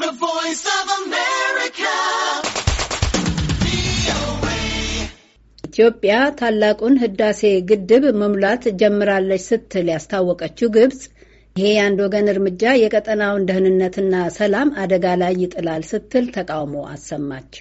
The Voice of America. ኢትዮጵያ ታላቁን ህዳሴ ግድብ መሙላት ጀምራለች ስትል ያስታወቀችው ግብጽ ይሄ የአንድ ወገን እርምጃ የቀጠናውን ደህንነትና ሰላም አደጋ ላይ ይጥላል ስትል ተቃውሞ አሰማች።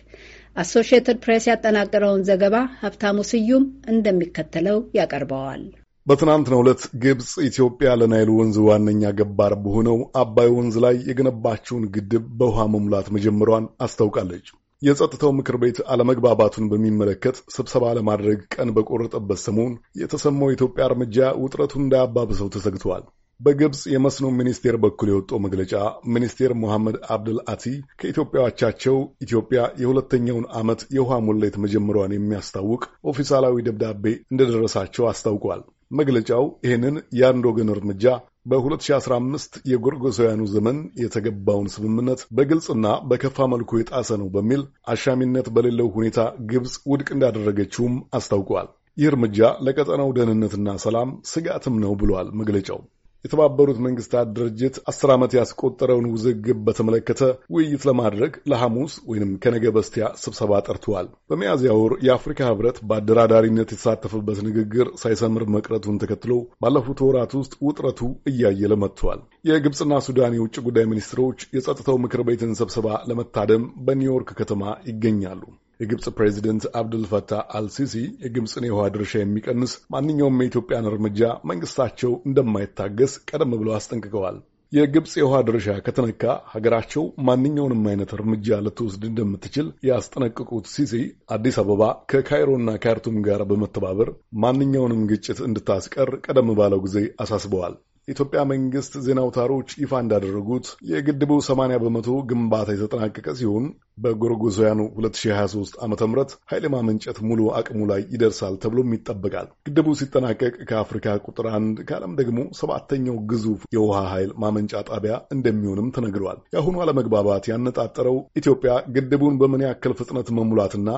አሶሺየትድ ፕሬስ ያጠናቀረውን ዘገባ ሀብታሙ ስዩም እንደሚከተለው ያቀርበዋል። በትናንትናው ዕለት ግብፅ ኢትዮጵያ ለናይል ወንዝ ዋነኛ ገባር በሆነው አባይ ወንዝ ላይ የገነባችውን ግድብ በውሃ መሙላት መጀመሯን አስታውቃለች። የጸጥታው ምክር ቤት አለመግባባቱን በሚመለከት ስብሰባ ለማድረግ ቀን በቆረጠበት ሰሞን የተሰማው የኢትዮጵያ እርምጃ ውጥረቱን እንዳያባብሰው ተሰግተዋል። በግብፅ የመስኖ ሚኒስቴር በኩል የወጣው መግለጫ ሚኒስቴር ሞሐመድ አብድል አቲ ከኢትዮጵያ አቻቸው ኢትዮጵያ የሁለተኛውን ዓመት የውሃ ሙሌት መጀመሯን የሚያስታውቅ ኦፊሳላዊ ደብዳቤ እንደደረሳቸው አስታውቋል። መግለጫው ይህንን የአንድ ወገን እርምጃ በ2015 የጎርጎሳውያኑ ዘመን የተገባውን ስምምነት በግልጽና በከፋ መልኩ የጣሰ ነው በሚል አሻሚነት በሌለው ሁኔታ ግብፅ ውድቅ እንዳደረገችውም አስታውቋል። ይህ እርምጃ ለቀጠናው ደህንነትና ሰላም ስጋትም ነው ብሏል መግለጫው። የተባበሩት መንግስታት ድርጅት አስር ዓመት ያስቆጠረውን ውዝግብ በተመለከተ ውይይት ለማድረግ ለሐሙስ ወይንም ከነገ በስቲያ ስብሰባ ጠርተዋል። በሚያዝያ ወር የአፍሪካ ህብረት በአደራዳሪነት የተሳተፈበት ንግግር ሳይሰምር መቅረቱን ተከትሎ ባለፉት ወራት ውስጥ ውጥረቱ እያየለ መጥቷል። የግብፅና ሱዳን የውጭ ጉዳይ ሚኒስትሮች የጸጥታው ምክር ቤትን ስብሰባ ለመታደም በኒውዮርክ ከተማ ይገኛሉ። የግብፅ ፕሬዚደንት አብዱልፈታህ አልሲሲ የግብፅን የውሃ ድርሻ የሚቀንስ ማንኛውም የኢትዮጵያን እርምጃ መንግስታቸው እንደማይታገስ ቀደም ብለው አስጠንቅቀዋል። የግብፅ የውሃ ድርሻ ከተነካ ሀገራቸው ማንኛውንም አይነት እርምጃ ልትወስድ እንደምትችል ያስጠነቅቁት ሲሲ አዲስ አበባ ከካይሮና ካርቱም ጋር በመተባበር ማንኛውንም ግጭት እንድታስቀር ቀደም ባለው ጊዜ አሳስበዋል። የኢትዮጵያ መንግስት ዜና አውታሮች ይፋ እንዳደረጉት የግድቡ 80 በመቶ ግንባታ የተጠናቀቀ ሲሆን በጎርጎዛውያኑ 2023 ዓ ም ኃይል ማመንጨት ሙሉ አቅሙ ላይ ይደርሳል ተብሎም ይጠበቃል። ግድቡ ሲጠናቀቅ ከአፍሪካ ቁጥር አንድ ከዓለም ደግሞ ሰባተኛው ግዙፍ የውሃ ኃይል ማመንጫ ጣቢያ እንደሚሆንም ተነግረዋል። የአሁኑ አለመግባባት ያነጣጠረው ኢትዮጵያ ግድቡን በምን ያክል ፍጥነት መሙላትና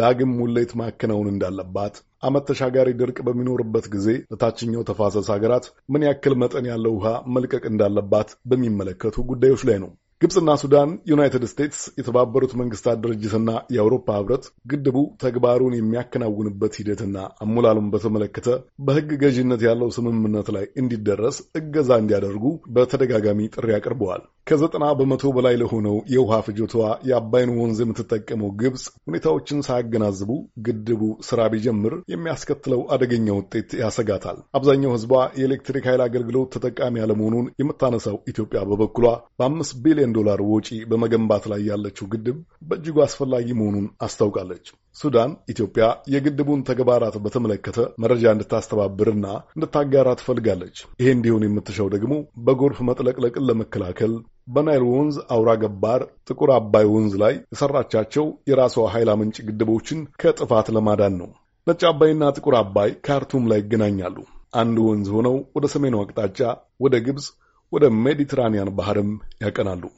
ዳግም ሙሌት ማከናወን እንዳለባት ዓመት ተሻጋሪ ድርቅ በሚኖርበት ጊዜ ለታችኛው ተፋሰስ ሀገራት ምን ያክል መጠን ያለው ውሃ መልቀቅ እንዳለባት በሚመለከቱ ጉዳዮች ላይ ነው። ግብፅና ሱዳን፣ ዩናይትድ ስቴትስ፣ የተባበሩት መንግስታት ድርጅትና የአውሮፓ ህብረት ግድቡ ተግባሩን የሚያከናውንበት ሂደትና አሞላሉን በተመለከተ በህግ ገዥነት ያለው ስምምነት ላይ እንዲደረስ እገዛ እንዲያደርጉ በተደጋጋሚ ጥሪ አቅርበዋል። ከዘጠና በመቶ በላይ ለሆነው የውሃ ፍጆታዋ የአባይን ወንዝ የምትጠቀመው ግብፅ ሁኔታዎችን ሳያገናዝቡ ግድቡ ስራ ቢጀምር የሚያስከትለው አደገኛ ውጤት ያሰጋታል። አብዛኛው ሕዝቧ የኤሌክትሪክ ኃይል አገልግሎት ተጠቃሚ ያለመሆኑን የምታነሳው ኢትዮጵያ በበኩሏ በአምስት ቢሊዮን ዶላር ወጪ በመገንባት ላይ ያለችው ግድብ በእጅጉ አስፈላጊ መሆኑን አስታውቃለች። ሱዳን ኢትዮጵያ የግድቡን ተግባራት በተመለከተ መረጃ እንድታስተባብርና እንድታጋራ ትፈልጋለች። ይሄ እንዲሆን የምትሻው ደግሞ በጎርፍ መጥለቅለቅን ለመከላከል በናይል ወንዝ አውራ ገባር ጥቁር አባይ ወንዝ ላይ የሰራቻቸው የራሷ ኃይል አመንጭ ግድቦችን ከጥፋት ለማዳን ነው። ነጭ አባይና ጥቁር አባይ ካርቱም ላይ ይገናኛሉ። አንድ ወንዝ ሆነው ወደ ሰሜኑ አቅጣጫ ወደ ግብፅ፣ ወደ ሜዲትራኒያን ባህርም ያቀናሉ።